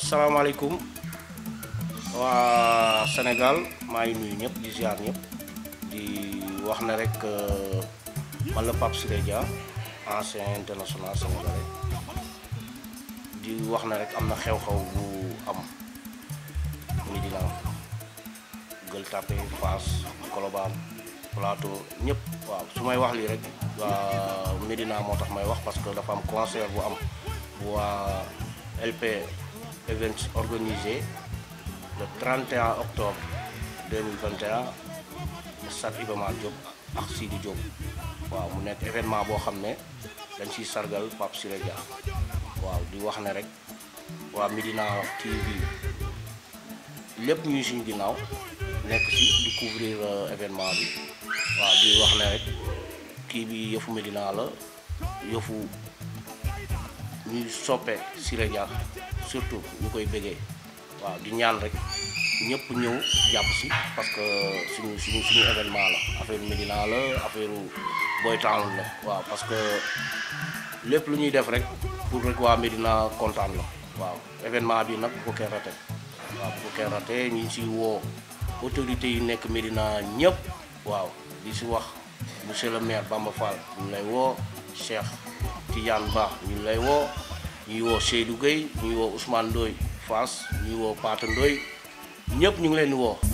asalaamaaleykum waa Sénégal maa ngi nuyu ñëpp di ziar ñëpp di wax na rek euh, man la Pape Siré Dia ancien international sénégalais di wax na rek am na xew-xew bu am muy dina Gueule Tapée Fass Plateau ñëpp waaw su may wax lii rek waa Médina moo tax may wax parce que dafa am concert bu am waa LP Events organisé le 31 octobre 2021 Stade Iba Mar Diop ak Sidi Diop waaw mu nekk événement boo xam ne dañ si sargal Pape Siré Dia waaw di wax ne rek waa Médina TV lépp ñuy suñu ginnaaw nekk ci di couvrir euh, événement bi waaw di wax ne rek kii bi yëfu Médina la yëfu ñuy soppe Siré Dia surtout ñu koy bëggee waaw di ñaan rek ñëpp ñëw jàpp si parce que suñu suñu suñu événement la affaire Médina la affaire Boy Town la waaw parce que lépp lu ñuy def rek pour rek waa Médina kontaan la waaw événement bi nag bu ko kenn rate waaw bu ko rate ñu si woo autorité yi nekk Médina ñëpp waaw di si wax monsieur le maire Bamba Fall ñu lay woo Cheikh Tidiane Ba ñu ngi lay woo ñuy woo Seydou Gueye ñuy woo Ousmane Ndoye Fass ñuy woo Pata Ndoye ñëpp ñu ngi leen di woo